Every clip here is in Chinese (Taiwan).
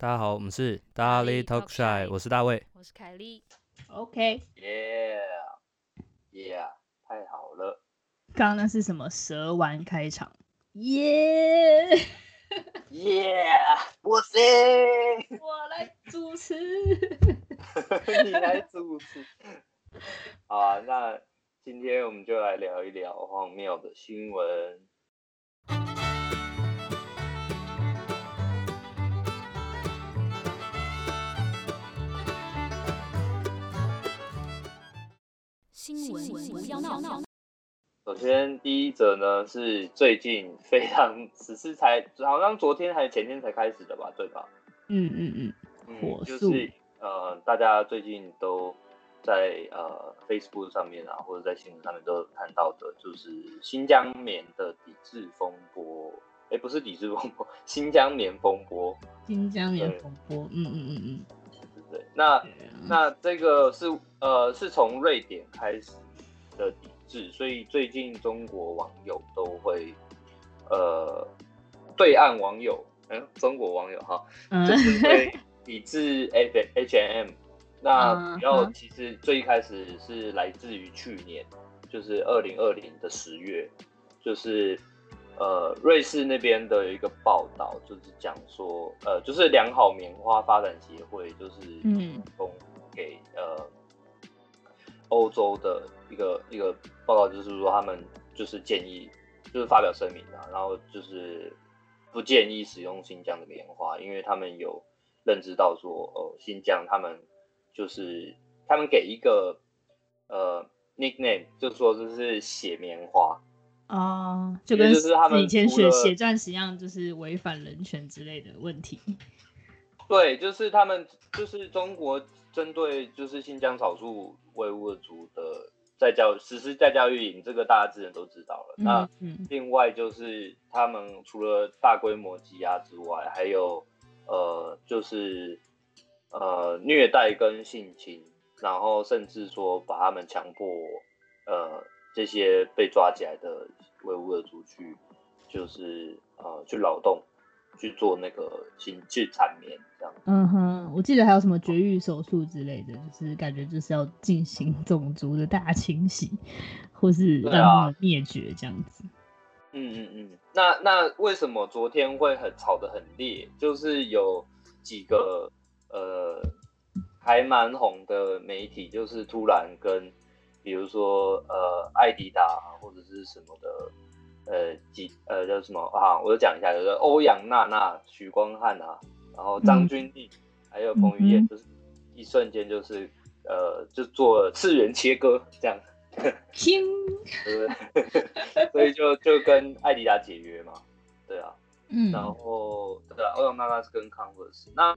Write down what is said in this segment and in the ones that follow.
大家好，我們是大力 Talk Show，我是大衛，我是凱莉，OK，Yeah，Yeah，、yeah, 太好了，剛剛那是什麼蛇丸開場？Yeah，Yeah，yeah, 我來主持， 你來主持，好啊，那今天我們就來聊一聊荒謬的新聞。新聞。首先，第一則呢是最近非常，此次才好像昨天還是前天才開始的吧，對吧？嗯嗯嗯。就是，呃，大家最近都在呃 Facebook 上面啊，或者在新聞上面都看到的，就是新疆棉的抵制風波，哎、欸，不是抵制風波，新疆棉風波，新疆棉風，風波，嗯嗯嗯嗯。嗯那那這個是呃是從瑞典開始的抵制，所以最近中國網友都會呃對岸網友嗯中國網友哈嗯，對、就是、抵制 H&M， 那然後其實最一開始是來自於去年就是二零二零的十月就是。呃，瑞士那邊的一個報道就是講說，呃，就是良好棉花發展協會就是嗯，給呃歐洲的一個一個報道，就是說他們就是建議，就是發表聲明啊，然後就是不建議使用新疆的棉花，因為他們有認知到說，呃，新疆他們就是他們給一個呃 nickname，就是說就是血棉花。啊、哦，就跟就是以前血血鑽石一樣，就是違反人權之類的問題。對，就是他們，就是中國針對就是新疆少數維吾爾族的在教實施在教育營，這個大家自然都知道了。嗯、那另外就是他們除了大規模羈押之外，還有呃，就是呃虐待跟性侵，然後甚至說把他們強迫呃。這些被抓起來的維吾爾族去，就是、呃、去勞動，去做那個新疆採棉這樣子。嗯哼，我記得還有什麼絕育手術之類的，oh. 就是感覺就是要進行種族的大清洗，或是讓他們滅絕這樣子。啊、嗯嗯嗯，那那為什麼昨天會很吵得很烈？就是有幾個呃還蠻紅的媒體，就是突然跟。比如說，呃，艾迪達或者是什麼的，呃，幾呃叫什麼啊？我講一下，就是歐陽娜娜、許光漢啊，然後張鈞甯還有彭於晏，嗯、就是一瞬間就是，呃，就做了次元切割這樣，聽，就是、 所以就就跟艾迪達解約嘛，對啊，嗯、然後對啊，歐陽娜娜是跟 Converse 那。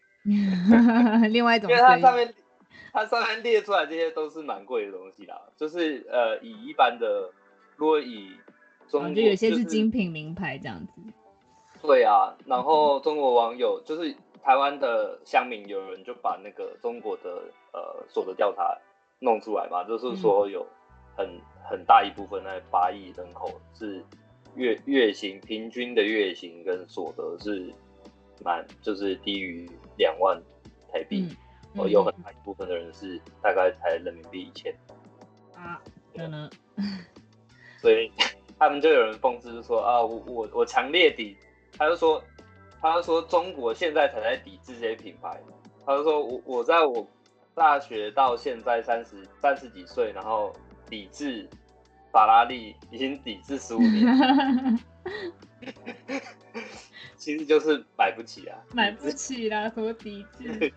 另外一種，因為它上面， 它上面列出來這些都是蠻貴的東西啦，就是呃，以一般的，如果以中國，嗯、就有些是精品名牌這樣子。就是、對啊，然後中國網友、嗯、就是台灣的鄉民有人就把那個中國的呃所得調查弄出來嘛，就是說有很很大一部分那八億人口是月月薪平均的月薪跟所得是蠻就是低於。兩萬台幣，哦、嗯嗯，有很大一部分的人是大概才人民幣一千，啊，可能，所以他們就有人諷刺說啊，我我我強烈抵，他就說，他就說中國現在才在抵制這些品牌，他就說我我在我大學到現在三十三十幾歲，然後抵制法拉利已經抵制十五年了。 其實就是買不起啊，買不起啦， 說抵底制子，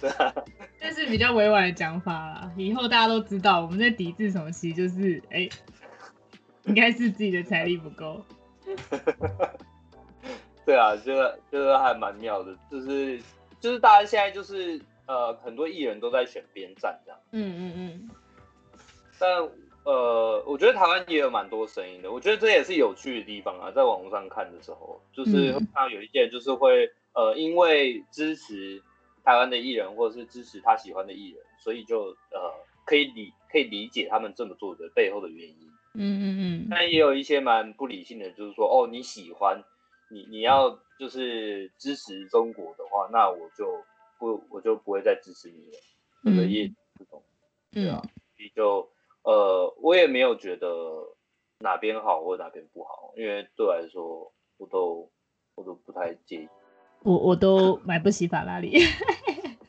對啊，但是比較委婉的講法啦，以後大家都知道我們在抵制什麼，其實就是哎、欸，應該是自己的財力不夠。 對啊，就是就是還蠻妙的，就是就是大家現在就是呃，很多藝人都在選邊站這樣，嗯嗯嗯，但。呃，我覺得台灣也有蠻多聲音的，我覺得這也是有趣的地方啊。在網絡上看的時候，就是會看到有一些人就是會呃，因為支持台灣的藝人，或者是支持他喜歡的藝人，所以就呃可以理可以理解他們這麼做的背後的原因。嗯嗯嗯。但也有一些蠻不理性的，就是說哦，你喜歡你你要就是支持中國的話，那我就不我就不會再支持你了。嗯個嗯。這種，對啊，所以就。嗯呃，我也沒有覺得哪邊好或哪邊不好，因為對我來說，我都我都不太介意。我我都買不起法拉利。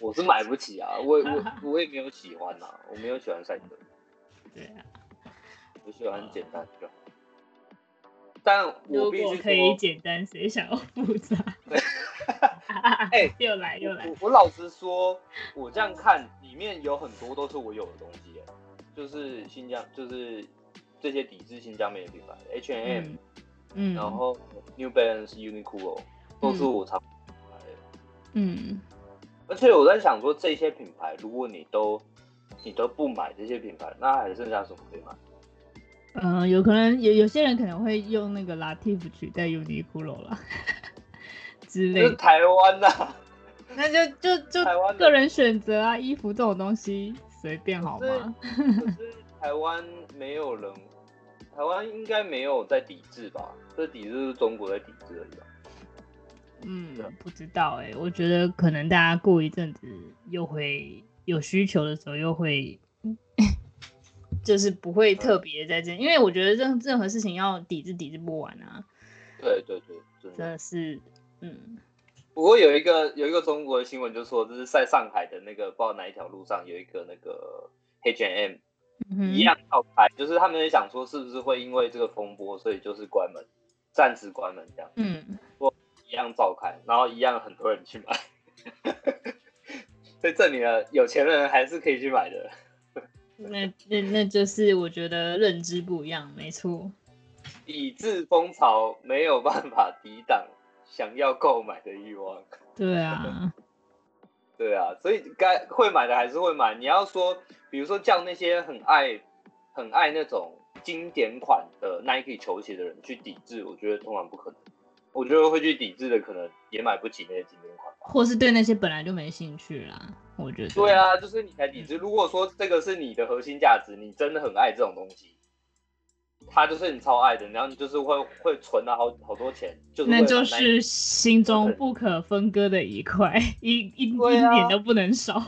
我是買不起啊，我我我也沒有喜歡啊，我沒有喜歡賽車。對啊，我喜歡簡單就好。但我必須如果可以簡單，誰想要複雜？哎 對， 欸，又來又來我！我老實說，我這樣看裡面有很多都是我有的東西就是新疆，就是這些抵制新疆棉的品牌，H&M，嗯，嗯，然後 New Balance Uni Pro、Uniqlo 都是我常買嗯。而且我在想說，這些品牌如果你都你都不買這些品牌，那還剩下什麼可以買？嗯，有可能有有些人可能會用那個 Lativ 取代 Uniqlo 啦，哈之類。是台灣吶、啊，那就就就，就台個人選擇啊，衣服這種東西。隨便好嗎？可是台灣沒有人， 台灣應該沒有在抵制吧？這抵制是中國在抵制而已吧。嗯，不知道哎、欸，我覺得可能大家過一陣子又會有需求的時候，又會 就是不會特別在這，因為我覺得任任何事情要抵制，抵制不完啊。對對對，真的這是，嗯。不過有一個有一個中國的新聞就說，就是在上海的那個不知道哪一條路上有一個那個 H and M，嗯，一樣照開，就是他們也想說是不是會因為這個風波，所以就是關門，暫時關門這樣。嗯，一樣照開，然後一樣很多人去買， 所以證明了有錢人還是可以去買的。 那那那就是我覺得認知不一樣，沒錯。抵制風潮沒有辦法抵擋想要購買的慾望，對啊， 對啊，所以該會買的還是會買。你要說，比如說叫那些很愛、很愛那種經典款的 Nike 球鞋的人去抵制，我覺得通常不可能。我覺得會去抵制的，可能也買不起那些經典款，或是對那些本來就沒興趣啦。我覺得，對啊，就是你才抵制。如果說這個是你的核心價值，你真的很愛這種東西。他就是你超愛的，然後你就是會會存了好好多錢，就是那，那就是心中不可分割的一塊，啊，一一點都不能少。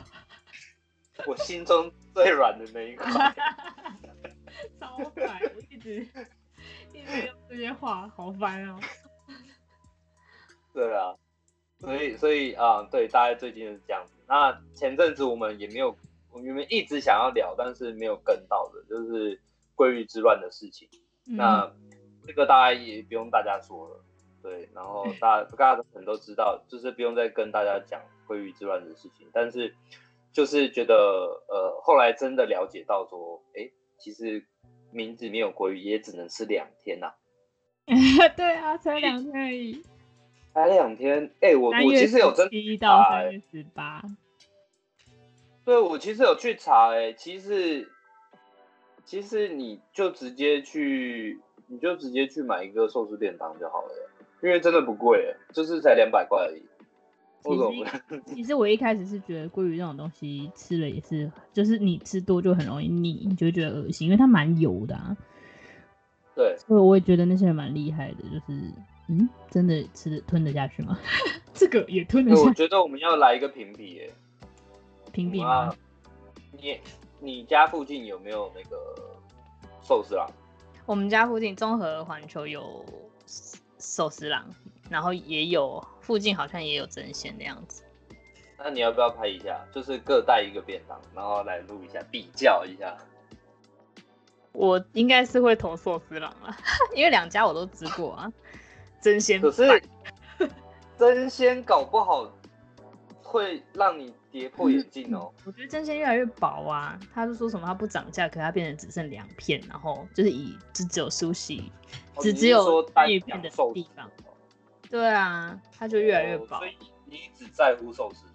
我心中最軟的那一塊。 超煩，我一直 一直用這些話，好煩啊。對啊，所以所以啊，嗯，對，大概最近是這樣子。那前陣子我們也沒有，我們一直想要聊，但是沒有跟到的，就是。鮭魚之亂的事情，那這個大家也不用大家說了，嗯、對，然後大家大家可能都知道，就是不用再跟大家講鮭魚之亂的事情。但是就是覺得，呃，後來真的了解到說，哎、欸，其實名字沒有鮭魚，也只能吃兩天吶。對啊， 才兩天而已。才兩天，哎、欸，我我其實有真查，欸。一到三月十八。對，我其實有去查，欸，哎，其實。其實你就直接去，你就直接去買一個壽司便當就好了，因為真的不貴，就是才兩百塊而已。其實，其實我一開始是覺得鮭魚這種東西吃了也是，就是你吃多就很容易膩，你就覺得噁心，因為它蠻油的啊。對，所以我也覺得那些人蠻厲害的，就是嗯，真的吃吞得下去嗎？ 這個也吞得下去。我覺得我們要來一個評比耶，哎，評比嗎？你。你家附近有沒有那個壽司郎？我們家附近綜合環球有壽司郎，然後也有附近好像也有爭鮮的樣子。那你要不要拍一下？就是各帶一個便當，然後來錄一下，比較一下。我應該是會投壽司郎啊，因為兩家我都吃過啊。爭 鮮可是爭鮮 搞不好會讓你。跌破眼鏡哦、喔嗯！我覺得真的越來越薄啊。嗯、他是說什麼他漲價？他，麼他不漲價，可他變成只剩兩片，然後就是以就只有 sushi、哦、只只有單片的地方。對啊，他就越來越薄。哦、所以你只在乎壽司？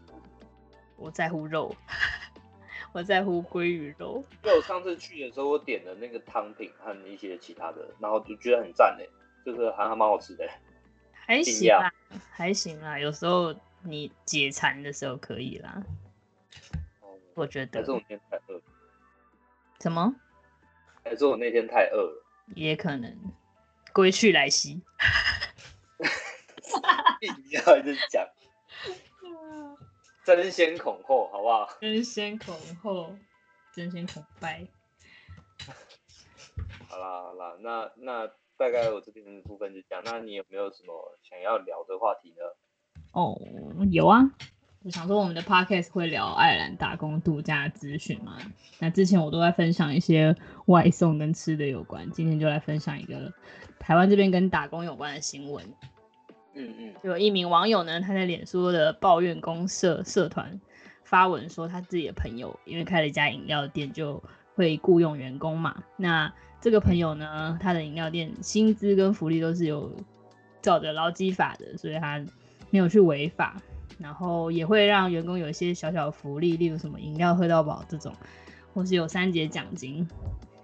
我在乎肉， 我在乎鮭魚肉。就我上次去的時候，我點了那個湯品和一些其他的，然後就覺得很贊的就是還還蠻好吃的，還行，還行啊，有時候。你解饞的時候可以啦，嗯、我覺得。可是我那天太餓了。什麼？還是我那天太餓了。也可能，歸去來兮。你 要一直講。爭 先恐後，好不好？爭先恐後，爭先恐拜。好啦好啦，那那大概我這邊的部分就這樣。那你有沒有什麼想要聊的話題呢？哦，有啊，我想說我們的 podcast 會聊愛爾蘭打工度假資訊嘛，那之前我都在分享一些外送跟吃的有關，今天就來分享一個台灣這邊跟打工有關的新聞。嗯嗯，有一名網友呢，他在臉書的抱怨公社社團發文說，他自己的朋友因為開了一家飲料店，就會僱用員工嘛。那這個朋友呢，他的飲料店薪資跟福利都是有照着勞基法的，所以他。沒有去違法，然後也會讓員工有一些小小的福利，例如什麼飲料喝到飽這種，或是有三節獎金。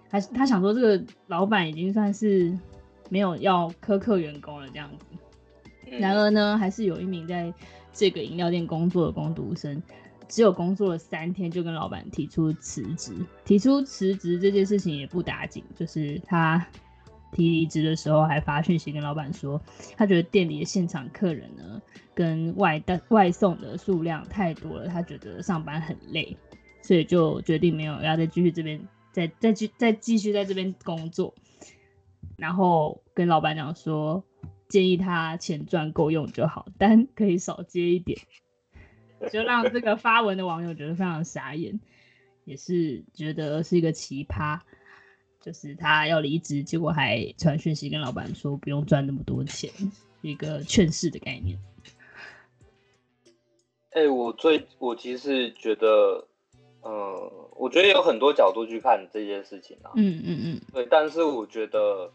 還是他想說這個老闆已經算是沒有要苛刻員工了這樣子。然而呢，還是有一名在這個飲料店工作的工讀生，只有工作了三天就跟老闆提出辭職。提出辭職這件事情也不打緊，就是他。提離職的時候還發訊息跟老闆說，他覺得店裡的現場客人呢跟外單外送的數量太多了，他覺得上班很累，所以就決定沒有要再繼續這邊再再繼再繼續在這邊工作。然後跟老闆講說，建議他錢賺夠用就好，但可以少接一點，就讓這個發文的網友覺得非常傻眼，也是覺得是一個奇葩。就是他要離職，結果還傳訊息跟老闆說不用賺那麼多錢，是一個勸世的概念。哎、欸，我最我其實覺得，嗯、呃，我覺得有很多角度去看這件事情啊。嗯嗯嗯。對，但是我覺得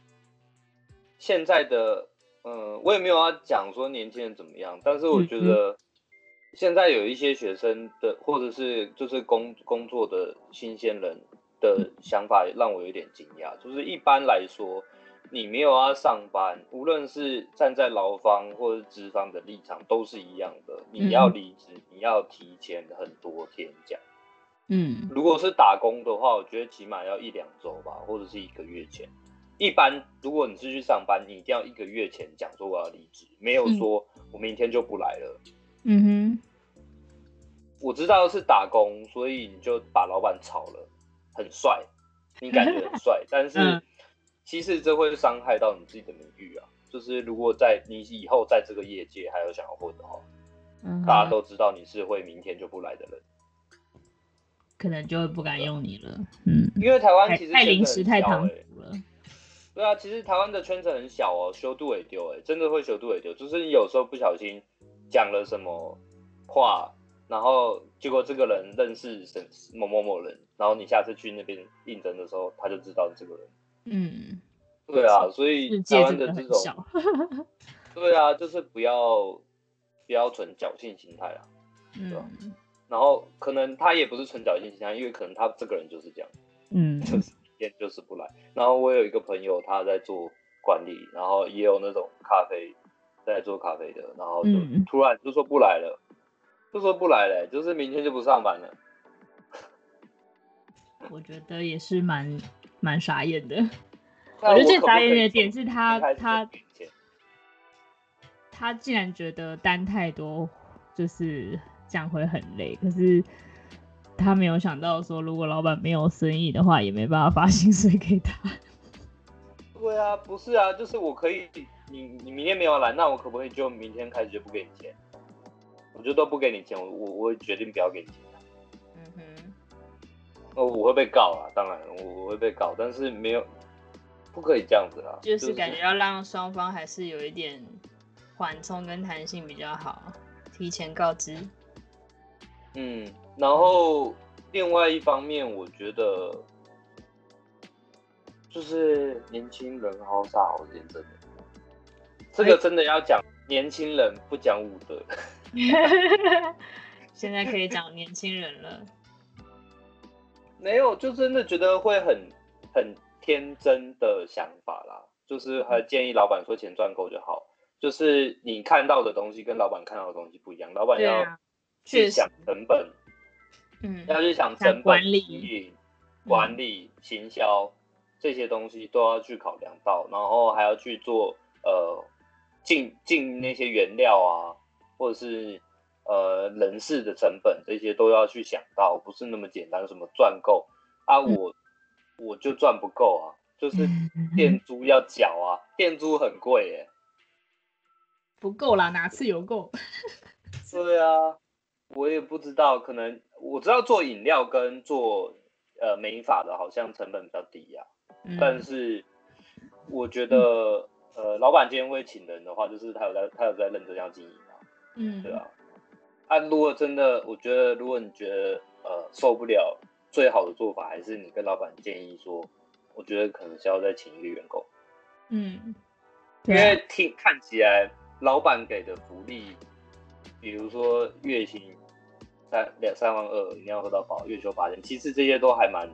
現在的，嗯、呃，我也沒有要講說年輕人怎麼樣，但是我覺得現在有一些學生的，嗯嗯、或者是就是工工作的新鮮人。的想法讓我有點驚訝。就是一般來說，你沒有要上班，無論是站在勞方或者資方的立場，都是一樣的。你要離職，你要提前很多天講。嗯，如果是打工的話，我覺得起碼要一兩周吧，或者是一個月前。一般如果你是去上班，你一定要一個月前講說我要離職，沒有說我明天就不來了。嗯哼，我知道是打工，所以你就把老闆炒了。很帥，你感覺很帥， 但是其實這會傷害到你自己的名譽啊、嗯！就是如果在你以後在這個業界還有想要混的話、嗯，大家都知道你是會明天就不來的人，可能就會不敢用你了。嗯，因為台灣其實、欸、太臨時太唐突了。對啊，其實台灣的圈子很小哦、喔，修度也丟哎，真的會修度也丟，就是你有時候不小心講了什麼話。然後結果這個人認識某某某人，然後你下次去那邊應徵的時候，他就知道這個人。嗯，對啊，所以這樣的這種，這 對啊，就是不要不要存僥倖心態啊。嗯，對吧？然後可能他也不是純僥倖心態，因為可能他這個人就是這樣，嗯，就是也就是不來。然後我有一個朋友，他在做管理，然後也有那種咖啡在做咖啡的，然後就突然就說不來了。嗯不說不來了，就是明天就不上班了。 我覺得也是蠻蠻傻眼的。我，可可我覺得最傻眼的點是他，他，他竟然覺得單太多，就是這樣會很累。可是他沒有想到說，如果老闆沒有生意的話，也沒辦法發薪水給他。對啊，不是啊，就是我可以，你你明天沒有來，那我可不可以就明天開始就不給你錢？我就都不給你錢，我我我決定不要給你錢。嗯哼，哦，我會被告啊，當然，我我會被告，但是沒有，不可以這樣子啊。就是感覺要讓雙方還是有一點緩衝跟彈性比較好，提前告知。嗯，然後另外一方面，我覺得就是年輕人好傻好天真的，這個真的要講年輕人不講武德。欸 現在可以講年輕人了， 沒有就真的覺得會很很天真的想法啦，就是還建議老闆說錢賺夠就好，就是你看到的東西跟老闆看到的東西不一樣，老闆要去想成本，嗯，要去想成本、嗯、想管理、管理、行銷、嗯、這些東西都要去考量到，然後還要去做呃進進那些原料啊。或者是呃人事的成本這些都要去想到，不是那麼簡單。什麼賺夠啊我？我、嗯、我就賺不夠啊！就是店租要繳啊，店、嗯、租很貴耶、欸，不夠啦，哪次有夠？對啊，我也不知道，可能我知道做飲料跟做呃美髮的好像成本比較低呀、啊嗯。但是我覺得呃，老闆今天會請人的話，就是他有在，他有在認真要經營。嗯，對啊，啊，如果真的，我覺得，如果你覺得呃受不了，最好的做法還是你跟老板建議說，我覺得可能需要再請一個員工。嗯，啊、因為聽看起來老板給的福利，比如說月薪三兩三萬二，一定要喝到飽，月休八天，其實這些都還蠻。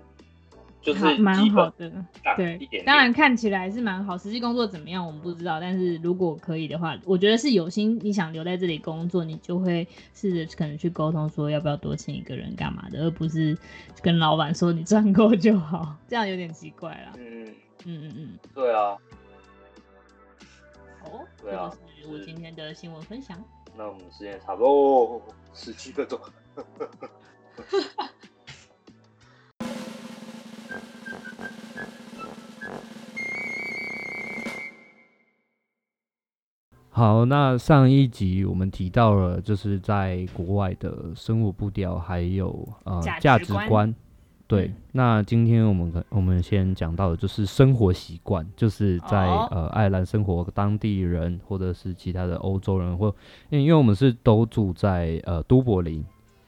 就是蠻好的點點，對，當然看起來是蠻好。實際工作怎麼樣，我們不知道，嗯。但是如果可以的話，我覺得是有心你想留在這裡工作，你就會試着可能去溝通說要不要多請一個人幹嘛的，而不是跟老板說你賺夠就好，這樣有點奇怪了，嗯。嗯嗯嗯嗯，對啊，好哦，對啊，這個，是我今天的新聞分享，那我們時間差不多，哦、十七個鐘。 好，那上一集我們提到了，就是在國外的生活步調，還有呃價值、值觀。對、嗯，那今天我們可我們先講到的就是生活習慣，就是在、哦、呃愛爾蘭生活當地人，或者是其他的歐洲人或，或因因為我們是都住在呃都柏林、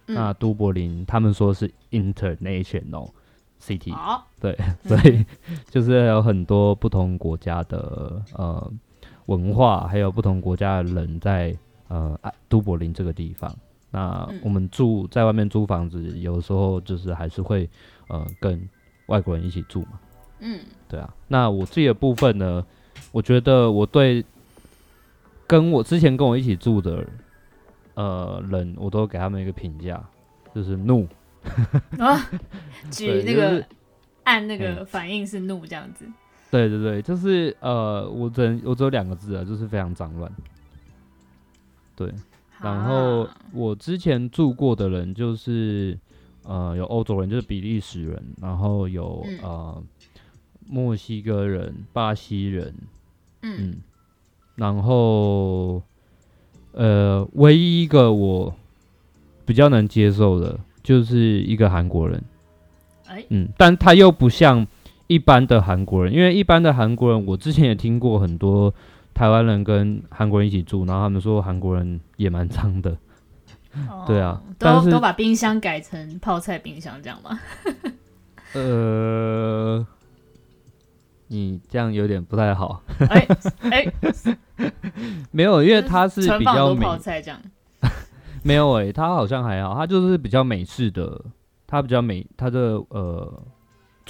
嗯，那都柏林他們說是 international city，、哦、對、嗯，所以 就是有很多不同國家的呃。文化還有不同國家的人在呃都柏林這個地方，那我們住在外面租房子，嗯、有時候就是還是會呃跟外國人一起住嘛。嗯，對啊。那我自己的部分呢，我覺得我對跟我之前跟我一起住的呃人，呃人我都給他們一個評價，就是怒。啊、 哦，舉那個、就是、按那個反應是怒這樣子。對對對，就是呃，我只能我只有兩個字啊，就是非常髒亂。對，然後我之前住過的人就是呃，有歐洲人，就是比利時人，然後有、嗯、呃墨西哥人、巴西人，嗯，嗯然後呃，唯一一個我比較能接受的，就是一個韓國人，哎、嗯，但他又不像。一般的韓國人，因為一般的韓國人，我之前也聽過很多台灣人跟韓國人一起住，然後他們說韓國人也蠻髒的，oh, 對啊，都都把冰箱改成泡菜冰箱這樣嗎？ 呃，你這樣有點不太好。哎 哎、 欸，欸、 沒有，因為他是比較是泡菜這樣， 沒有哎、欸，他好像還好，他就是比較美式的，他比較美，他的、這個、呃。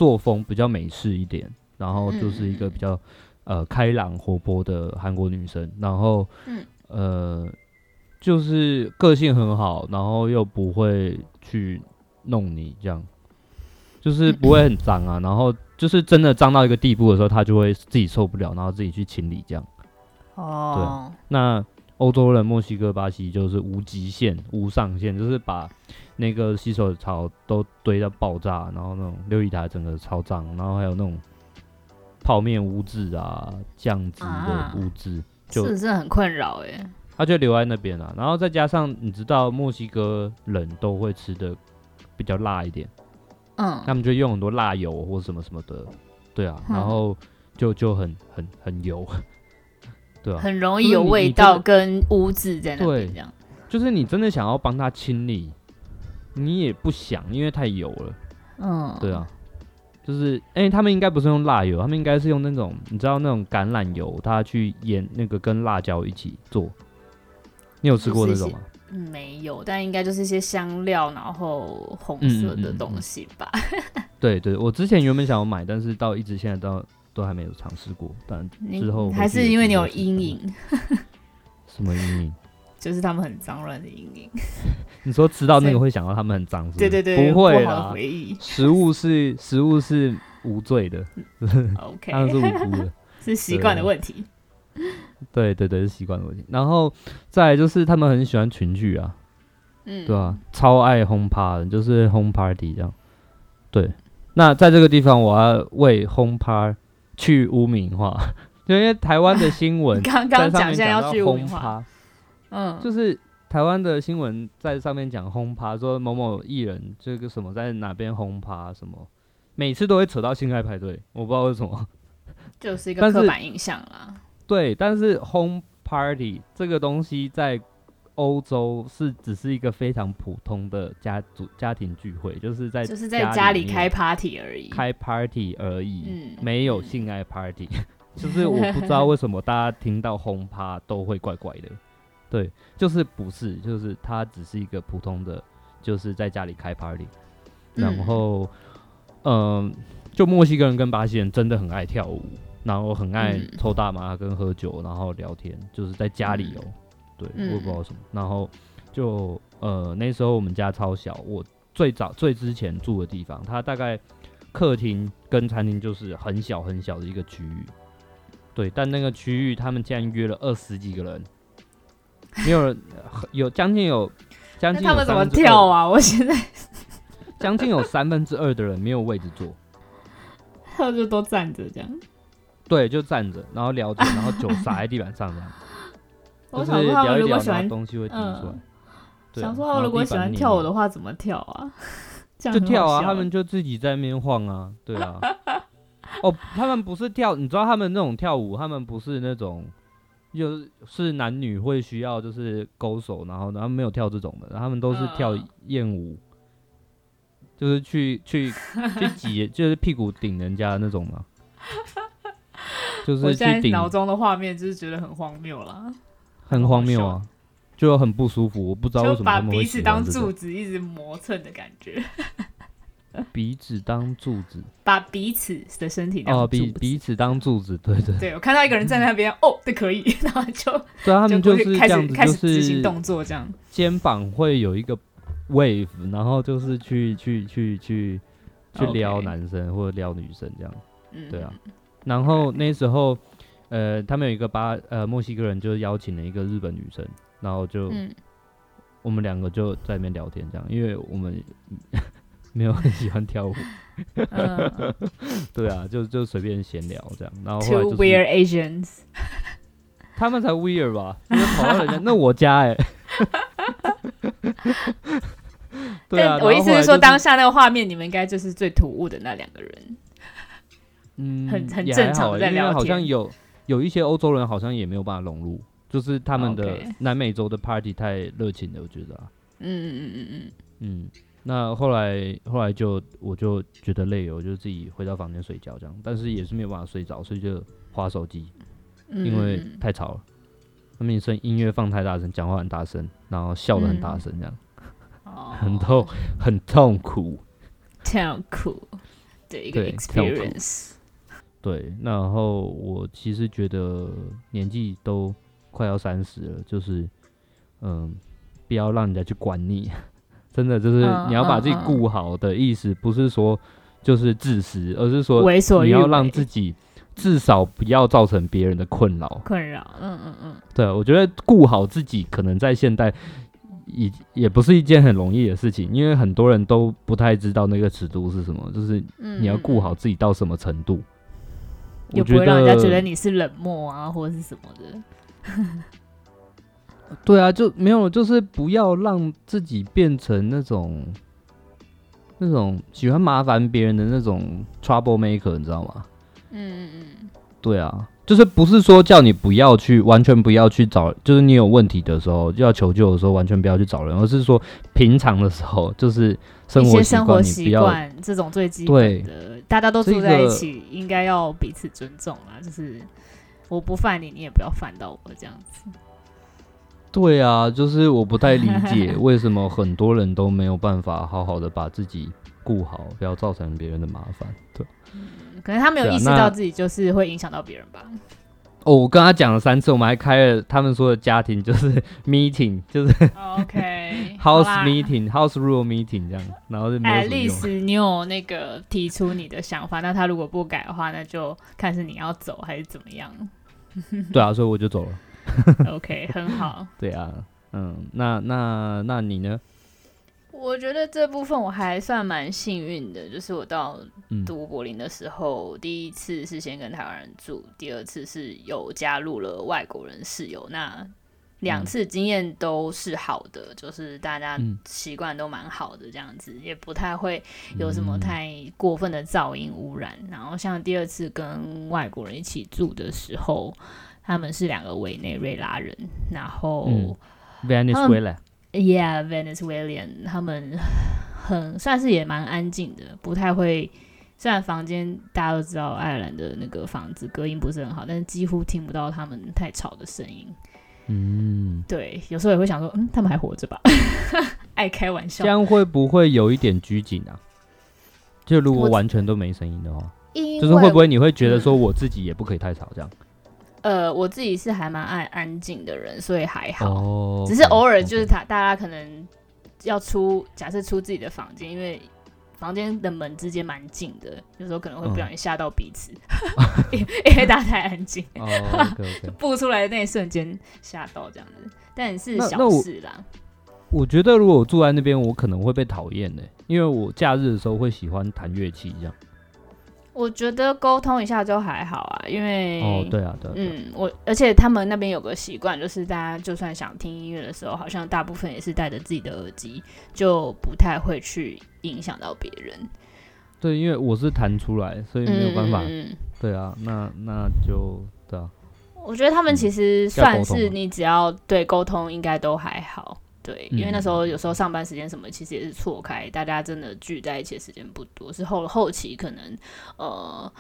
作風比較美式一點，然後就是一個比較呃開朗活潑的韓國女生，然後呃就是個性很好，然後又不會去弄你這樣，就是不會很髒啊，然後就是真的髒到一個地步的時候，她就會自己受不了，然後自己去清理這樣。哦，對，那。歐洲人、墨西哥、巴西就是無極限、無上限，就是把那個洗手槽都堆到爆炸，然後那種流理台整個超髒，然後還有那種泡麵污漬啊、醬汁的污漬、啊啊，就是，是很困擾哎。他、啊、就留在那邊啊，然後再加上你知道墨西哥人都會吃的比較辣一點，嗯，他們就用很多辣油或什麼什麼的，對啊，嗯、然後就就很很很油。對啊，很容易有味道跟污漬在那裡這樣、就是對，就是你真的想要幫他清理，你也不想，因為太油了。嗯，對啊，就是哎、欸，他們應該不是用辣油，他們應該是用那種你知道那種橄欖油，他去醃那個跟辣椒一起做。你有吃過這種嗎？沒、嗯、有，但應該就是一些香料，然後紅色的東西吧。嗯、 對，對對，我之前原本想要買，但是到一直現在到。都還沒有嘗試過，但之後還是因為你有陰影。什麼陰影？ 就是他們很髒亂的陰影。 你說吃到那個會想到他們很髒，是吧？對,對對對，不會了。食物是食物是無罪的。 okay, 他們是無辜的， 是習慣的問題。對對對，是習慣的問題。然後再就是他們很喜歡群聚啊，嗯，對啊，超愛轟趴的 p a r t 就是轟趴。p a r t 這樣。對，那在這個地方，我要為轟趴。p a r t 去污名化，就因為台灣的新聞，剛剛講現在要去污名化，嗯，轟趴，就是台灣的新聞在上面講轟趴，說某某藝人這個什麼在哪邊轟趴什麼，每次都會扯到性愛派對，我不知道為什麼， 就是一個刻板印象啦。對，但是 home party 這個東西在。歐洲是只是一個非常普通的家族家庭聚會，就是在就是在家裡開 party 而已，開 party 而已，嗯、沒有性愛 party，嗯。 就是我不知道為什麼大家聽到轟趴都會怪怪的， 對，就是不是，就是它只是一個普通的，就是在家裡開 party，嗯。然後，嗯，就墨西哥人跟巴西人真的很愛跳舞，然後很愛抽大麻跟喝酒，然後聊天，嗯、就是在家裡哦、喔。嗯對，我也不知道什麼。嗯，然後就呃，那時候我們家超小，我最早最之前住的地方，它大概客廳跟餐廳就是很小很小的一個區域。對，但那個區域他們竟然約了二十幾個人，沒有人， 有將近有將近，他們怎麼跳啊？我現在將近有三分之二的人沒有位置坐， 他就都站着這樣。對，就站着，然後聊着，然後， 然後酒灑在地板上這樣。就是、聊聊我想說，他們如果喜歡，東西會聽出來呃、對，想說，如果喜歡跳舞的話，怎麼跳啊？啊？就跳啊， 他們就自己在那邊晃啊，對啊。 哦，他們不是跳，你知道他們那種跳舞，他們不是那種，就是男女會需要就是勾手，然後呢，他們沒有跳這種的，他們都是跳豔舞、呃，就是去去去擠，就是屁股頂人家的那種嘛。 就是去頂，我現在腦中的畫面，就是覺得很荒謬啦。很荒謬啊，就很不舒服。我不知道為什麼、這個、把彼此當柱子，一直磨蹭的感覺。鼻 子當柱子，把彼此的身體子哦，鼻，彼此當柱子，對對對。對，我看到一個人站在那邊， 哦，這可以，然後就對啊，所以他們就是這樣子，就是進行動作這樣。肩膀會有一個 wave，然後就是去去去去去撩男生，okay. 或者撩女生這樣。對啊。然後那時候。呃，他們有一個巴、呃，墨西哥人，就邀請了一個日本女生，然後就、嗯、我們兩個就在那邊聊天這樣，因為我們沒有很喜歡跳舞，嗯、 對啊，就就隨便閒聊這樣，然後後來就是 weird Asians，他們才 weird 吧？ 那我家哎、欸， 對啊，我意思是說後、後、就是、當下那個畫面，你們應該就是最突兀的那兩個人，嗯，很很正常的在聊天，好，欸、好像有。有一些歐洲人好像也沒有辦法融入，就是他們的南美洲的 party 太熱情了，我覺得、啊。嗯嗯嗯嗯嗯嗯。嗯，那後來後來就我就覺得累了，我就自己回到房間睡覺這樣，但是也是沒有辦法睡着，所以就劃手機、嗯，因為太吵了。他們一聲音樂放太大聲，講話很大聲，然後笑得很大聲，這樣，嗯 oh. 很痛很痛苦，痛苦的一個 experience。對，然後我其實覺得年紀都快要三十了，就是嗯，不要讓人家去管你，真的就是、嗯、你要把自己顧好的意思，不是說就是自私，而是說你要讓自己至少不要造成別人的困擾。困擾，嗯嗯嗯。對，我覺得顧好自己，可能在現代也也不是一件很容易的事情，因為很多人都不太知道那個尺度是什麼，就是你要顧好自己到什麼程度。嗯嗯也不會讓人家覺得你是冷漠啊，或者是什麼的。 對啊，就沒有，就是不要讓自己變成那種那種喜歡麻煩別人的那種 trouble maker，你知道嗎？嗯嗯嗯。對啊，就是不是說叫你不要去，完全不要去找，就是你有問題的時候要求救的時候，完全不要去找人，而是說平常的時候，就是生活習慣，一些生活習慣這種最基本的。大家都住在一起，這個、應該要彼此尊重啊！就是我不犯你，你也不要犯到我這樣子。對啊，就是我不太理解為什麼很多人都沒有辦法好好的把自己顧好，不要造成別人的麻煩。對、嗯，可能他沒有意識到自己就是會影響到別人吧。 哦，我跟他講了三次，我們還開了他們說的家庭，就是 meeting，就是 OK house meeting，house rule meeting 這樣，然後 At least，你有那個提出你的想法，那他如果不改的話呢，那就看是你要走還是怎麼樣。 對啊，所以我就走了。 OK，很好。對啊，嗯，那那那你呢？我覺得這部分我還算蠻幸運的，就是我到都柏林的時候，嗯、第一次是先跟台灣人住，第二次是有加入了外國人室友，那兩次經驗都是好的，嗯、就是大家習慣都蠻好的，這樣子、嗯、也不太會有什麼太過分的噪音污染、嗯。然後像第二次跟外國人一起住的時候，他們是兩個委內瑞拉人，然後、嗯嗯 Yeah, Venezuelan，他們很算是也蠻安靜的，不太會。雖然房間大家都知道，愛爾蘭的那個房子隔音不是很好，但是幾乎聽不到他們太吵的聲音。嗯，對，有時候也會想說，嗯，他們還活着吧？ 愛開玩笑。這樣會不會有一點拘謹啊？就如果完全都沒聲音的話，就是會不會你會覺得說，我自己也不可以太吵這樣？呃，我自己是還蠻愛安靜的人，所以還好。Oh, okay, 只是偶爾就是他、okay. 大家可能要出，假設出自己的房間，因為房間的門之間蠻近的，有時候可能會不小心嚇到彼此、嗯， 因為大家太安靜，哦，對。不出來的那一瞬間嚇到這樣子，但是小事啦。我,我覺得如果我住在那邊，我可能會被討厭呢，因為我假日的時候會喜歡彈樂器這樣。我覺得溝通一下就還好啊，因為哦對啊對，對啊，嗯我而且他們那邊有個習慣，就是大家就算想聽音樂的時候，好像大部分也是戴着自己的耳機，就不太會去影響到別人。對，因為我是彈出來，所以沒有辦法。嗯，對啊，那那就對啊。我覺得他們其實算是你只要對溝通應該都還好。對，因為那時候有時候上班時間什麼，其實也是錯開，嗯，大家真的聚在一起的時間不多。是後後期可能呃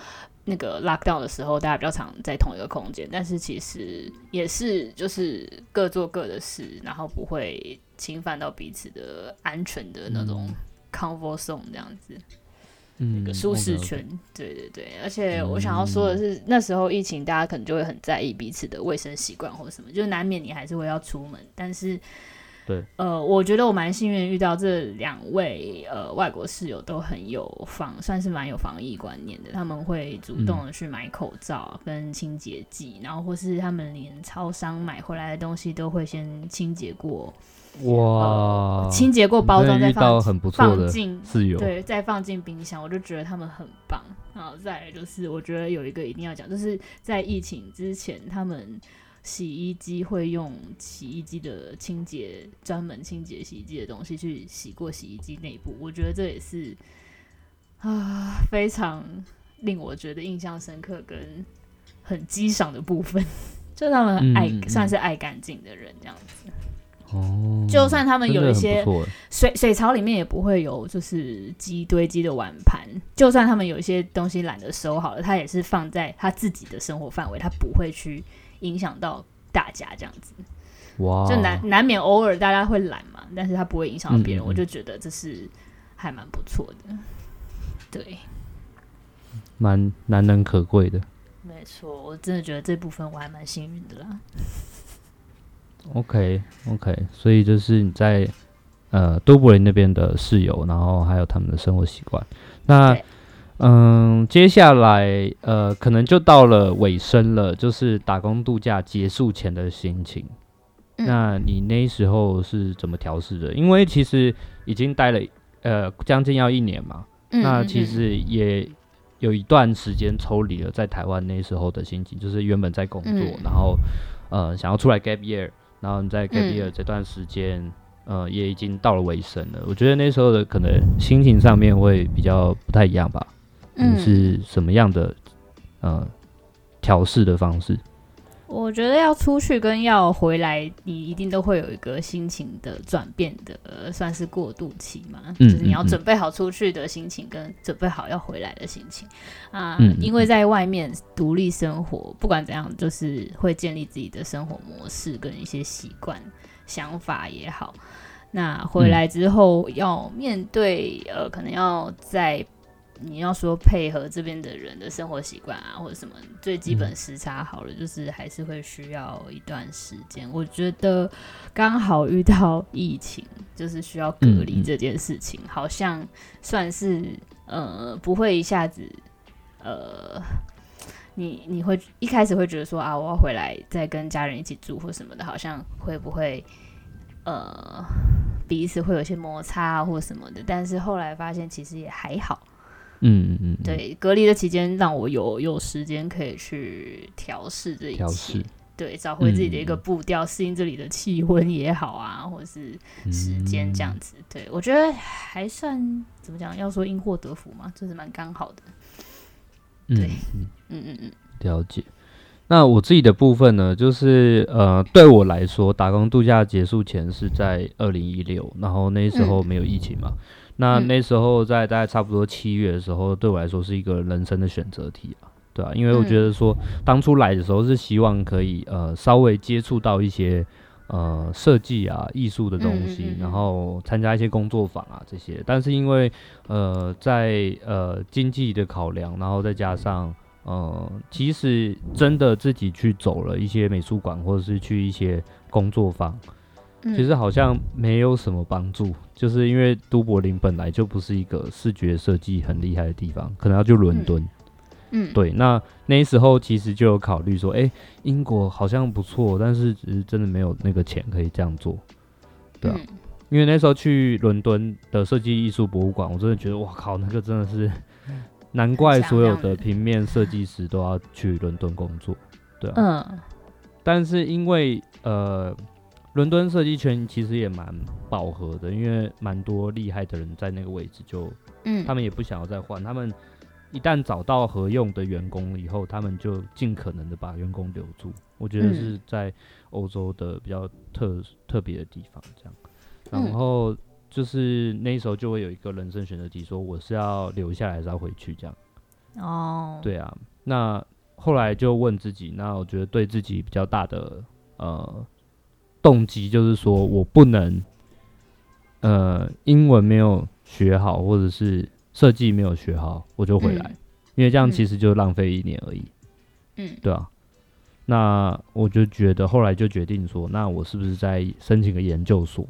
那個 lockdown 的時候，大家比較常在同一個空間，但是其實也是就是各做各的事，然後不會侵犯到彼此的安全的那種 comfort zone 這樣子，嗯、那個舒適圈。嗯 okay. 對對對，而且我想要說的是、嗯，那時候疫情大家可能就會很在意彼此的衛生習慣或者什麼，就是、難免你還是會要出門，但是。對呃，我覺得我蠻幸運遇到這兩位呃外國室友，都很有防，算是蠻有防疫觀念的。他們會主動的去買口罩跟清潔劑，嗯，然後或是他們連超商買回來的東西都會先清潔過，哇，清潔過包裝再放，很不錯，放進室友對，再放進冰箱，我就覺得他們很棒。然後再來就是，我覺得有一個一定要講，就是在疫情之前，嗯，他們洗衣機會用洗衣機的清潔，專門清潔洗衣機的東西去洗過洗衣機內部，我覺得這也是啊非常令我覺得印象深刻跟很激賞的部分。 就他們愛、嗯、算是愛乾淨的人這樣子哦，就算他們有一些水水，水槽裡面也不會有就是積堆積的碗盤，就算他們有一些東西懶得收好了，他也是放在他自己的生活範圍，他不會去。影響到大家這樣子，哇、wow，就難難免偶爾大家會懶嘛，但是他不會影響到別人嗯嗯，我就覺得這是還蠻不錯的，對，蠻難能可貴的，沒錯，我真的覺得這部分我還蠻幸運的啦。OK，OK，、okay, okay, 所以就是你在呃都柏林那邊的室友，然後還有他們的生活習慣，那。Okay. 嗯，接下來呃，可能就到了尾聲了，就是打工度假結束前的心情。嗯、那你那時候是怎麼調試的？因為其實已經待了呃將近要一年嘛、嗯，那其實也有一段時間抽離了在台灣那時候的心情，就是原本在工作，嗯、然後呃想要出來 gap year，然後你在 gap year 這段時間，嗯、呃也已經到了尾聲了。我覺得那時候的可能心情上面會比較不太一樣吧。是什麼樣的、嗯、呃調適的方式？我覺得要出去跟要回來，你一定都會有一個心情的轉變的、呃，算是過渡期嘛，嗯嗯嗯。就是你要準備好出去的心情，跟準備好要回來的心情啊、呃嗯嗯嗯。因為在外面獨立生活，不管怎樣，就是會建立自己的生活模式跟一些習慣、想法也好。那回來之後要面對、嗯、呃，可能要在你要說配合這邊的人的生活習慣啊，或者什麼最基本時差好了，就是還是會需要一段時間。嗯。我覺得剛好遇到疫情，就是需要隔離這件事情，嗯嗯，好像算是呃不會一下子呃，你你會一開始會覺得說啊，我要回來再跟家人一起住或什麼的，好像會不會呃彼此會有些摩擦或什麼的？但是後來發現其實也還好。嗯嗯嗯，對，隔離的期間讓我有有時間可以去調適這一次對，找回自己的一個步調，適、嗯、應這裡的氣溫也好啊，或者是時間這樣子，嗯、對，我覺得還算怎麼講？要說因禍得福嘛，就是蠻剛好的。對，嗯嗯嗯嗯，了解。那我自己的部分呢，就是呃，對我來說，打工度假結束前是在二零一六，然後那時候沒有疫情嘛。嗯嗯那那時候在大概差不多七月的時候，對我來說是一個人生的選擇題啊，對啊，因為我覺得說，當初來的時候是希望可以呃稍微接觸到一些呃設計啊藝術的東西，然後參加一些工作坊啊這些，但是因為呃在呃經濟的考量，然後再加上呃其實真的自己去走了一些美術館或者是去一些工作坊。其實好像沒有什麼幫助、嗯，就是因為都柏林本來就不是一個視覺設計很厲害的地方，可能要去倫敦，嗯。嗯，對，那那時候其實就有考慮說，哎、欸，英國好像不錯，但是，只是真的沒有那個錢可以這樣做。對、啊嗯，因為那時候去倫敦的設計藝術博物館，我真的覺得，哇靠，那個真的是，嗯、難怪所有的平面設計師都要去倫敦工作。對啊，啊、嗯，但是因為呃。倫敦設計圈其實也蠻飽和的，因為蠻多厲害的人在那個位置就，就、嗯，他們也不想要再換，他們一旦找到合用的員工以後，他們就盡可能的把員工留住。我覺得是在歐洲的比較特特別的地方，這樣、嗯。然後就是那時候就會有一個人生選擇題，說我是要留下來還是要回去這樣。哦，對啊。那後來就問自己，那我覺得對自己比較大的呃。動機就是說我不能，呃，英文沒有學好，或者是設計沒有學好，我就回來，嗯、因為這樣其實就浪費一年而已。嗯，對啊。那我就覺得後來就決定說，那我是不是再申請個研究所？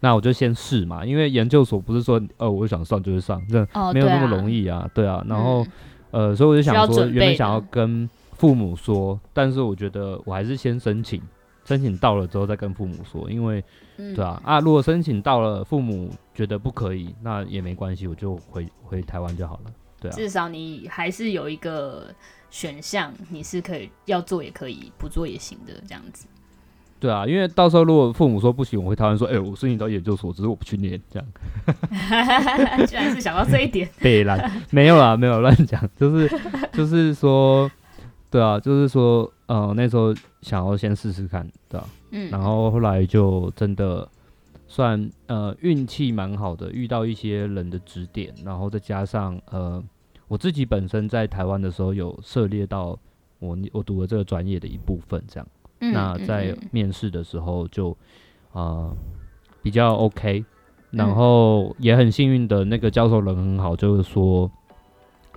那我就先試嘛，因為研究所不是說呃我想上就是上，這沒有那麼容易啊，對啊。然後、嗯、呃，所以我就想說，原本想要跟父母說，但是我覺得我還是先申請。申請到了之後再跟父母說，因為、嗯，對啊，啊，如果申請到了，父母覺得不可以，那也沒關係，我就回回台灣就好了，對啊。至少你還是有一個選項，你是可以要做也可以不做也行的，這樣子。對啊，因為到時候如果父母說不行，我回台灣說，哎、欸，我申請到研究所，只是我不去念，這樣。哈哈哈，居然是想到這一點。對啦，沒有啦，沒有亂講，就是就是說。對啊，就是說，呃，那時候想要先試試看，對啊，嗯，然後後來就真的算呃運氣蠻好的，遇到一些人的指點，然後再加上呃我自己本身在台灣的時候有涉獵到我我讀的這個專業的一部分，這樣，嗯，那在面試的時候就啊，呃，比較 OK，然後也很幸運的那個教授人很好，就是說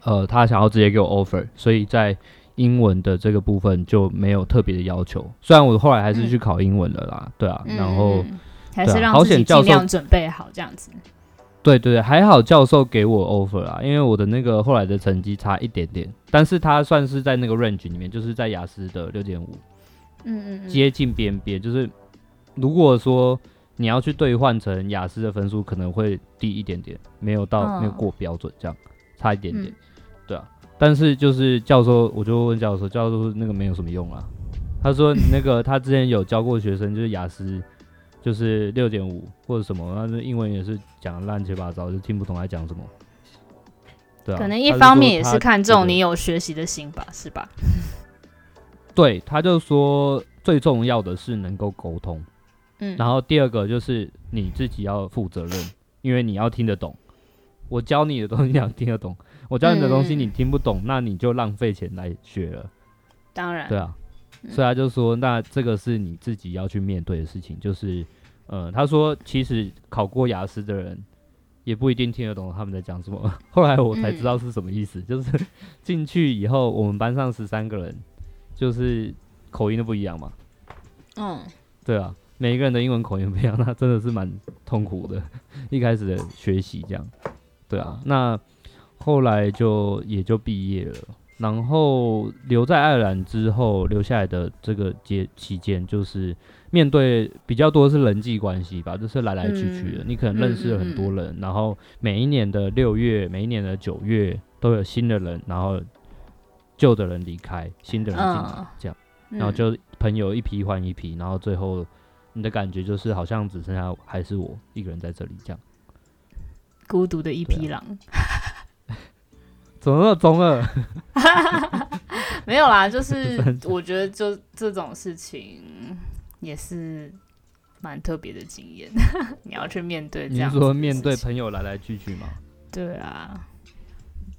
呃他想要直接給我 offer，所以在英文的這個部分就沒有特別的要求，雖然我後來還是去考英文了啦，嗯、對啊，嗯、然後還是讓自己盡量準備好這樣子。對，對對，還好教授給我 offer 啦，因為我的那個後來的成績差一點點，但是他算是在那個 range 裡面，就是在雅思的六點五，嗯嗯，接近邊邊，就是如果說你要去兌換成雅思的分數，可能會低一點點，沒有到那個過標準，這樣、哦、差一點點。嗯但是就是教授，我就問教授，教授那個沒有什麼用啊？他說那個 他之前有教過學生，就是雅思，就是六點五或者什麼，那英文也是講亂七八糟，就聽不懂他講什麼。對啊，可能一方面他他也是看重你有學習的心吧，是吧？ 對，他就說最重要的是能夠溝通，嗯，然後第二個就是你自己要負責任，因為你要聽得懂，我教你的東西你要聽得懂。我教你的東西你聽不懂，嗯、那你就浪費錢來學了。當然，對啊、嗯，所以他就說，那這個是你自己要去面對的事情，就是，呃、嗯，他說其實考過雅思的人也不一定聽得懂他們在講什麼。後來我才知道是什麼意思，嗯、就是進去以後，我們班上十三個人，就是口音都不一樣嘛。嗯，對啊，每一個人的英文口音不一樣，那真的是蠻痛苦的。一開始的學習這樣，對啊，那。後來就也就畢業了，然後留在愛爾蘭之後留下來的這個節期間，就是面對比較多是人際關係吧，就是來來去去的，嗯、你可能認識了很多人，嗯嗯嗯、然後每一年的六月，每一年的九月都有新的人，然後舊的人離開，新的人進來，哦、這樣，然後就朋友一批換一批，嗯，然後最後你的感覺就是好像只剩下還是我一個人在這裡，這樣，孤獨的一匹狼。 怎麼中二？ 沒有啦，就是我覺得就這種事情也是蠻特別的經驗， 你要去面對這樣。你是說面對朋友來來去去嘛？對啊。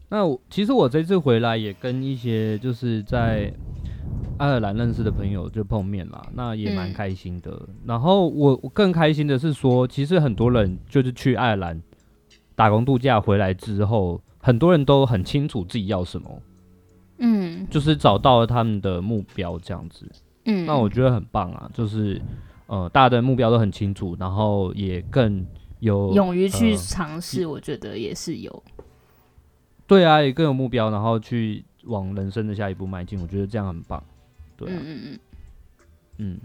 那我其實我這次回來也跟一些就是在愛爾蘭認識的朋友就碰面了，那也蠻開心的。嗯。然後我更開心的是說，其實很多人就是去愛爾蘭打工度假回來之後。很多人都很清楚自己要什麼，嗯，就是找到了他們的目標這樣子，嗯，那我覺得很棒啊，就是呃，大家的目標都很清楚，然後也更有勇於去嘗試，我覺得也是有、呃，對啊，也更有目標，然後去往人生的下一步邁進，我覺得這樣很棒，對啊，嗯嗯嗯，嗯，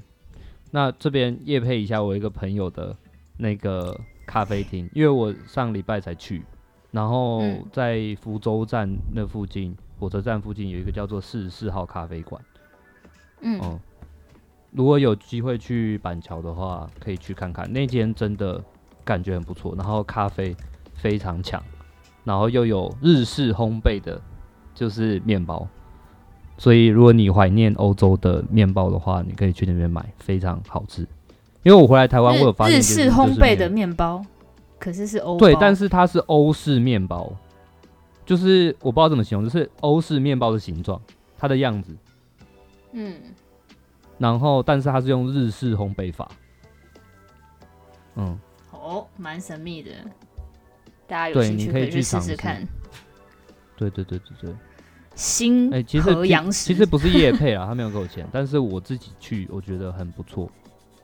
那這邊業配一下我一個朋友的那個咖啡廳，因為我上禮拜才去。然後在福州站那附近，嗯，火車站附近有一個叫做四十四號咖啡館。嗯。嗯，如果有機會去板橋的話，可以去看看那間，真的感覺很不錯。然後咖啡非常強，然後又有日式烘焙的，就是麵包。所以如果你懷念歐洲的麵包的話，你可以去那邊買，非常好吃。因為我回來台灣，我有發現日式烘焙的麵包。就是可是是歐對，但是它是歐式麵包、嗯、包，就是我不知道怎麼形容，就是歐式麵包的形狀，它的樣子，嗯，然後但是它是用日式烘焙法，嗯，哦，蠻神秘的，大家有興趣可、可以去試試看，對對對對對，新哎、欸、其實和洋其實不是業配啊。他沒有給我錢， 但是我自己去，我覺得很不錯，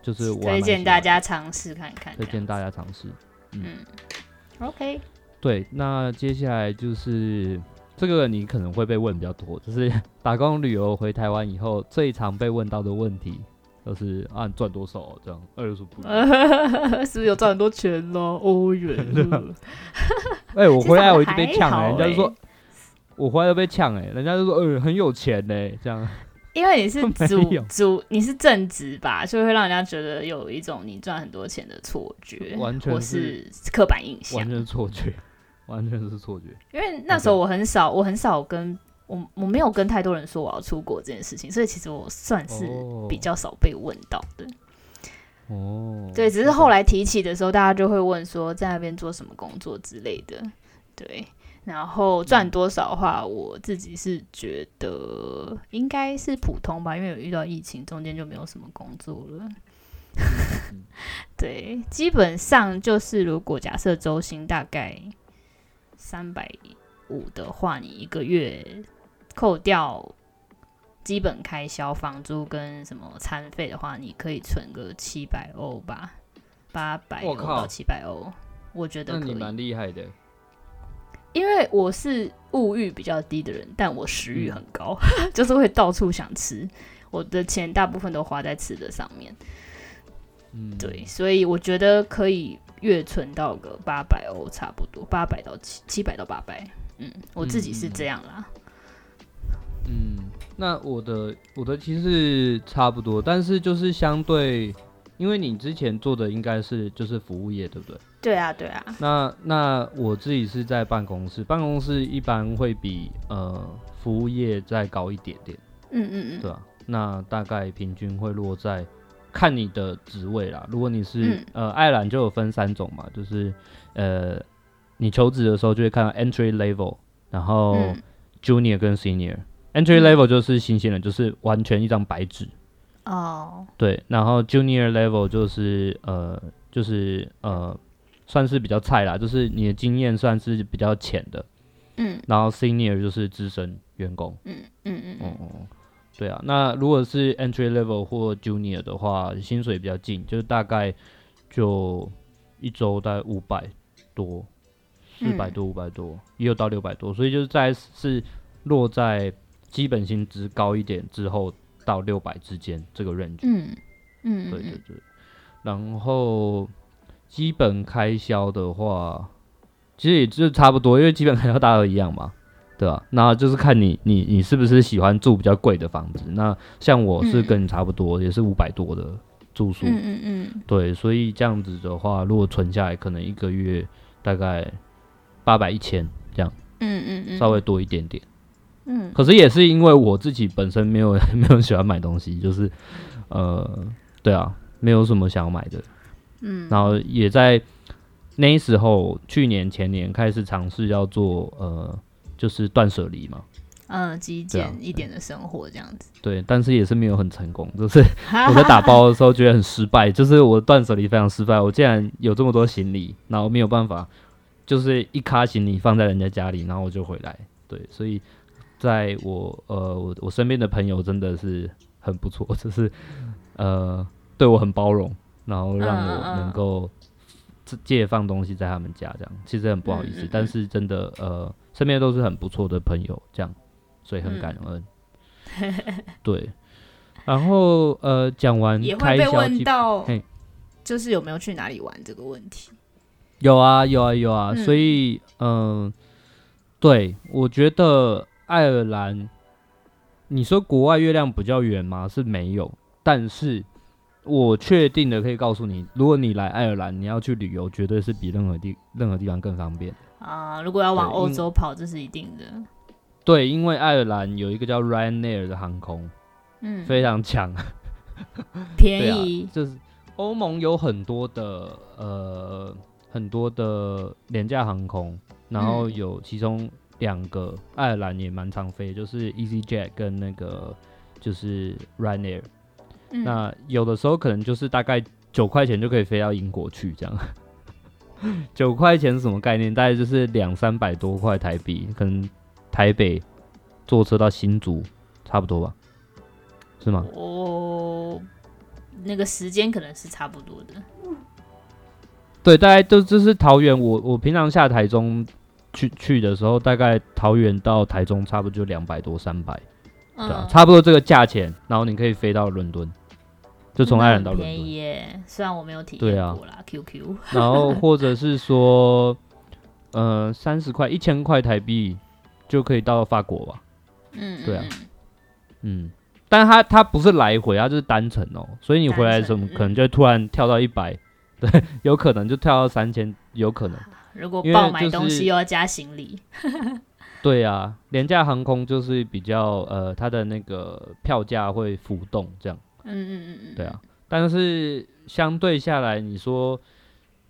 就是我，推薦大家嘗試看看，推薦大家嘗試。嗯，OK。對，那接下來就是這個，你可能會被問比較多，就是打工旅遊回台灣以後，最常被問到的問題，就是啊你賺、啊、多少、哦、這樣。哎、啊，說 是不是有賺很多錢呢？歐元。哎，我回來我一直被嗆哎，人家就說，我回來都被嗆哎，人家就說，嗯、欸欸呃，很有錢呢、欸，這樣。因為你是主主，你是正職吧，所以會讓人家覺得有一種你賺很多錢的錯覺。我是，是刻板印象，完全是錯覺，完全是錯覺。因為那時候我很少，okay. 我很少跟我我沒有跟太多人說我要出國這件事情，所以其實我算是比較少被問到的。哦、oh. oh.，對，只是後來提起的時候，大家就會問說在那邊做什麼工作之類的，對。然後賺多少的話、嗯，我自己是覺得應該是普通吧，因為有遇到疫情，中間就沒有什麼工作了。嗯、 對，基本上就是如果假設週薪大概三百五的話，你一個月扣掉基本開銷、房租跟什麼餐費的話，你可以存個七百歐吧，八百歐到七百歐，我覺得可以，你蠻厲害的。因為我是物欲比較低的人，但我食欲很高，嗯、 就是會到處想吃。我的錢大部分都花在吃的上面，嗯，對，所以我覺得可以月存到個八百歐，差不多八百到七七百到八百、嗯，嗯，我自己是這樣啦。嗯，那我的我的其實差不多，但是就是相對，因為你之前做的應該是就是服務業，對不對？對啊，對啊。那那我自己是在辦公室，辦公室一般會比呃服務業再高一點點。嗯嗯嗯，對啊。那大概平均會落在看你的職位啦。如果你是、嗯、呃愛爾蘭，就有分三種嘛，就是呃你求職的時候就會看到 entry level，然後、嗯、junior 跟 senior。entry level、嗯、就是新鮮人，就是完全一張白紙。哦。對，然後 junior level 就是呃就是呃。算是比較菜啦，就是你的經驗算是比較淺的，嗯，然後 senior 就是資深員工，嗯嗯嗯，哦、嗯、哦，對啊，那如果是 entry level 或 junior 的話，薪水比較近，就是大概就一周大概五百多，四百多五百多、嗯，也有到六百多，所以就是在是落在基本薪資高一點之後到六百之間這個 range，嗯嗯，對對對，然後。基本開銷的話，其實也就差不多，因為基本開銷大家都一樣嘛，對吧，啊？那就是看你你你是不是喜歡住比較貴的房子。那像我是跟你差不多，嗯，也是五百多的住宿，嗯嗯，嗯對。所以這樣子的話，如果存下來，可能一個月大概八百一千這樣，嗯嗯嗯，稍微多一點點，嗯。可是也是因為我自己本身沒有沒有喜歡買東西，就是呃，對啊，沒有什麼想要買的。嗯，然後也在那時候、嗯，去年前年開始嘗試要做呃，就是斷捨離嘛，嗯，極簡一點的生活這樣子。對，但是也是沒有很成功，就是我在打包的時候覺得很失敗， 就是我斷捨離非常失敗，我竟然有這麼多行李，然後沒有辦法，就是一卡行李放在人家家裡，然後我就回來。對，所以在我呃，我我身邊的朋友真的是很不錯，就是呃，對我很包容。然後讓我能夠借放東西在他們家，這樣、嗯、其實很不好意思，嗯、但是真的呃，身邊都是很不錯的朋友，這樣，所以很感恩。嗯、 對，然後呃，講完開銷也會被問到就有有，就是有沒有去哪裡玩這個問題？有啊，有啊，有啊，嗯、所以嗯、呃，對，我覺得愛爾蘭，你說國外月亮比較圓嗎？是沒有，但是。我確定的可以告訴你，如果你來愛爾蘭，你要去旅遊，絕對是比任何地任何地方更方便啊！如果要往歐洲跑，這是一定的。對，因為愛爾蘭有一個叫 Ryanair 的航空，嗯，非常強， 便宜。啊、就是歐盟有很多的呃，很多的廉價航空，然後有其中兩個，嗯、愛爾蘭也蠻常飛，就是 EasyJet 跟那個就是 Ryanair。嗯，那有的時候可能就是大概九塊錢就可以飛到英國去，這樣。九 塊錢是什麼概念？大概就是兩三百多塊台幣，可能台北坐車到新竹差不多吧，是嗎？哦，那個時間可能是差不多的。對，大概都就,就是桃園。我我平常下台中去去的時候，大概桃園到台中差不多就兩百多，三百。對、啊、差不多這個價錢，然後你可以飛到倫敦，就從愛爾蘭到倫敦。便宜耶，雖然我沒有體驗過啦。啊、QQ。然後或者是說， 呃，三十塊、一千塊台幣就可以到法國吧？嗯，對啊，嗯，嗯，嗯，但他他不是來回，他就是單程哦、喔，所以你回來的時候可能就會突然跳到一百，對，有可能就跳到三千，有可能。如果爆買東西、就是、又要加行李。 對啊，廉價航空就是比較呃，它的那個票價會浮動這樣。嗯嗯嗯嗯。對啊，但是相對下來，你說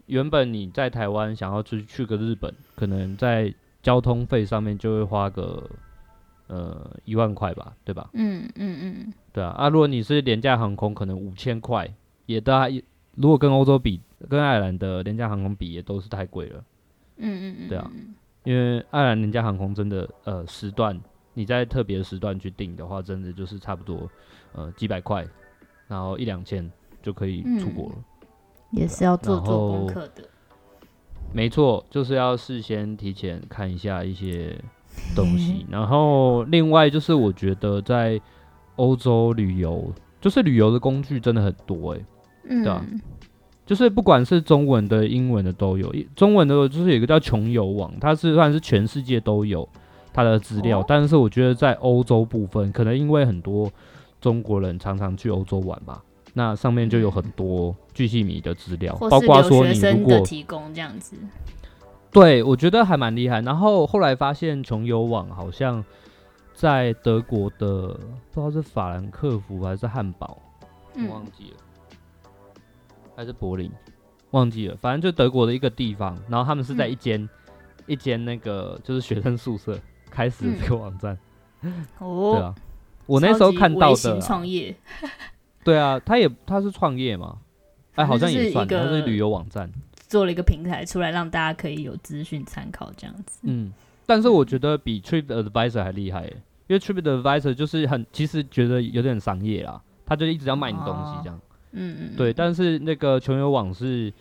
原本你在台灣想要去去個日本，可能在交通費上面就會花個呃一萬塊吧，對吧？嗯嗯嗯對啊，啊，如果你是廉價航空，可能五千塊也大、啊，如果跟歐洲比，跟愛爾蘭的廉價航空比，也都是太貴了。嗯嗯嗯。對啊。因為愛爾蘭人家航空真的，呃，時段你在特別時段去訂的話，真的就是差不多，呃，幾百塊，然後一兩千就可以出國了。嗯、也是要做做功課的。沒錯，就是要事先提前看一下一些東西。嗯、然後另外就是，我覺得在歐洲旅遊，就是旅遊的工具真的很多，欸，誒、嗯，對。就是不管是中文的，英文的都有，中文的就是有一個叫窮遊網，它是算是全世界都有它的資料，哦，但是我覺得在歐洲部分，可能因為很多中國人常常去歐洲玩嘛，那上面就有很多巨細靡的資料，包括說學生的提供這樣子。對，我覺得還蠻厲害。然後後來發現窮遊網好像在德國的不知道是法蘭克福還是漢堡，嗯，我忘記了。還是柏林，忘記了，反正就德國的一個地方，然後他們是在一間、嗯、一間那個就是學生宿舍開始這個網站。哦、嗯， 對啊，我那時候看到的。創業。 對啊，他也他是創業嘛，哎，好像也算，他是旅遊網站，做了一個平台出來，讓大家可以有資訊參考這樣子。嗯，但是我覺得比 Trip Advisor 還厲害誒，因為 Trip Advisor 就是很其實覺得有點商業啦，他就一直要賣你東西這樣。哦嗯嗯，對，但是那個窮遊網是，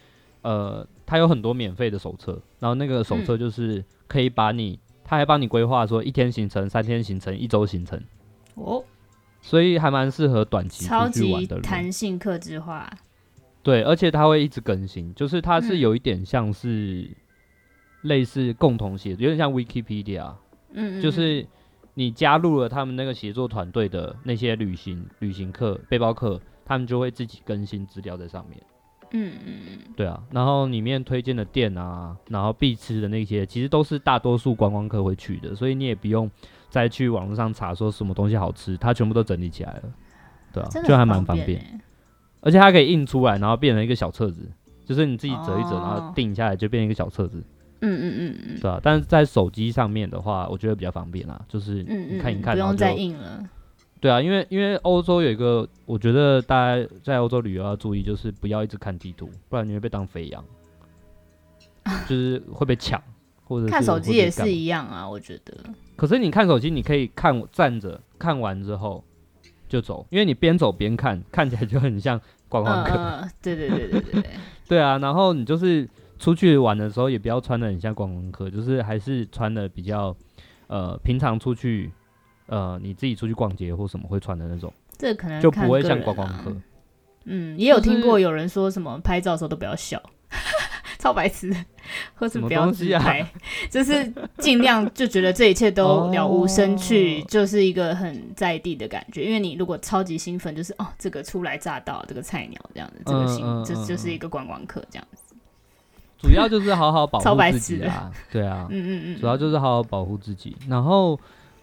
呃，它有很多免費的手冊，然後那個手冊就是可以把你，他、嗯、還幫你規劃說一天行程、三天行程、一周行程，哦，所以還蠻適合短期出去玩的，超級彈性、客製化。對，而且他會一直更新，就是他是有一點像是類似共同寫、嗯，有點像 Wikipedia，嗯，就是你加入了他們那個協作團隊的那些旅行、旅行客、背包客。他們就會自己更新資料在上面，嗯嗯嗯，對啊，然後裡面推薦的店啊，然後必吃的那些，其實都是大多數觀光客會去的，所以你也不用再去網絡上查說什麼東西好吃，它全部都整理起來了，對啊，就還蠻方便，而且它可以印出來，然後變成一個小冊子，就是你自己折一折，然後訂下來就變成一個小冊子，哦、嗯嗯嗯嗯，對啊，但是在手機上面的話，我覺得比較方便啦，就是你看一看，然、嗯、後、嗯、不用再印了。對啊，因為因為歐洲有一個，我覺得大家在歐洲旅遊要注意，就是不要一直看地圖，不然你會被當肥羊， 就是會被搶，或者看手機也是一樣啊，我覺得。可是你看手機，你可以看站着看完之後就走，因為你邊走邊看，看起來就很像觀光客。呃、對對對對對。 對啊，然後你就是出去玩的時候也不要穿的很像觀光客，就是還是穿的比較呃平常出去。呃，你自己出去逛街或什麼會穿的那種，這可能、啊、就不會像觀光客。嗯，也有聽過有人說什麼拍照的時候都不要笑，超白痴，或是不要自拍、啊，就是盡量就覺得這一切都了無生趣、哦，就是一個很在地的感覺。因為你如果超級興奮，就是哦，這個初來乍到，這個菜鳥這樣子，這個行、嗯嗯，就是、就是一個觀光客這樣子。主要就是好好保護自己啊，對啊， 嗯嗯嗯，主要就是好好保護自己，然後。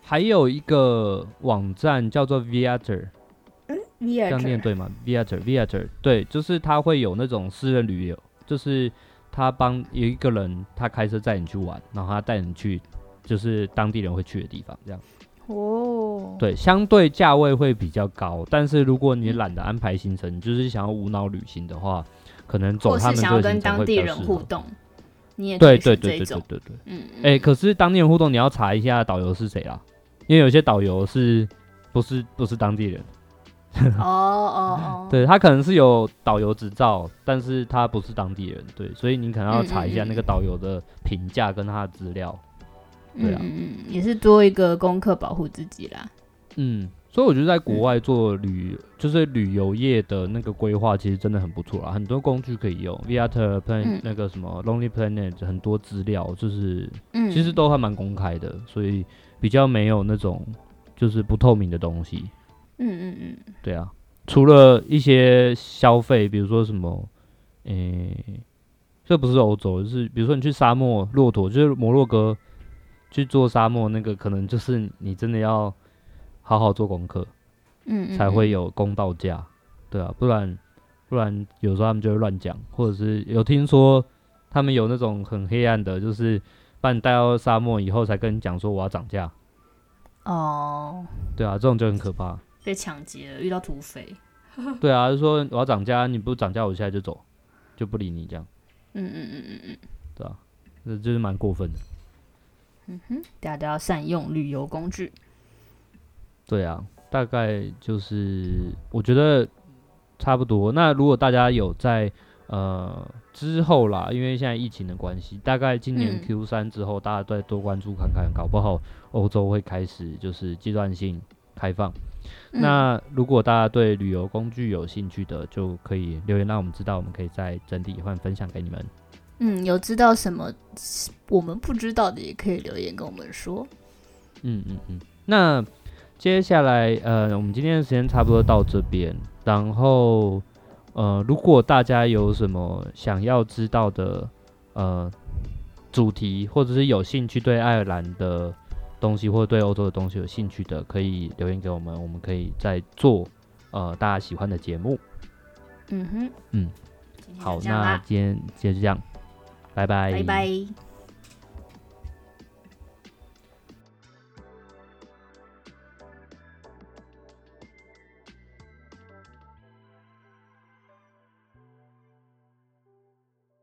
還有一個網站叫做 Viator，嗯 vi 這樣念對嗎？Viator，Viator，對，就是他會有那種私人旅遊，就是他幫有一個人，他開車帶你去玩，然後他帶你去就是當地人會去的地方，這樣。哦、oh.，對，相對價位會比較高，但是如果你懶得安排行程，嗯、就是想要無腦旅行的話，可能走他們對。或是想要跟當地人互動，你也對對，對對對對對對對，嗯，嗯，哎、欸，可是當地人互動，你要查一下導遊是誰啊？因為有些導遊是，是，不是不是當地人，哦 哦、oh, oh, oh, oh.，對他可能是有導遊執照，但是他不是當地人，對，所以你可能要查一下那個導遊的評價跟他的資料，嗯、對啊，也是做一個功課保護自己啦。嗯，所以我覺得在國外做旅、嗯、就是旅遊業的那個規劃，其實真的很不錯啊，很多工具可以用，Viator、嗯、那個什麼 Lonely Planet 很多資料就是、嗯，其實都還蠻公開的，所以。比較沒有那種就是不透明的東西，嗯嗯嗯，對啊，除了一些消費，比如說什麼，誒、欸，這不是歐洲，就是比如說你去沙漠駱駝，就是摩洛哥去做沙漠那個，可能就是你真的要好好做功課，嗯，嗯，嗯，才會有公道價，對啊，不然不然有時候他們就會亂講，或者是有聽說他們有那種很黑暗的，就是。把你帶到沙漠以後，才跟你講說我要漲價，哦、oh，對啊，這種就很可怕。被搶劫了，遇到土匪， 對啊，就說我要漲價，你不漲價，我現在就走，就不理你這樣。嗯嗯嗯嗯嗯，對啊，那就是蠻過分的。嗯哼，大家都要善用旅遊工具。對啊，大概就是我覺得差不多。那如果大家有在呃。之後啦，因為現在疫情的關係，大概今年 Q3 之後，嗯，大家再多關注看看，搞不好歐洲會開始就是階段性開放，嗯。那如果大家對旅遊工具有興趣的，就可以留言讓我們知道，我們可以再整理一份分享給你們。嗯，有知道什麼我們不知道的，也可以留言跟我們說。嗯嗯嗯。那接下來呃，我們今天的時間差不多到這邊，然後。呃，如果大家有什麼想要知道的，呃，主題，或者是有興趣對愛爾蘭的東西，或者對歐洲的東西有興趣的，可以留言給我們，我們可以再做，呃，大家喜歡的節目。嗯哼，嗯，好，那今天今天就這樣，拜拜，拜拜。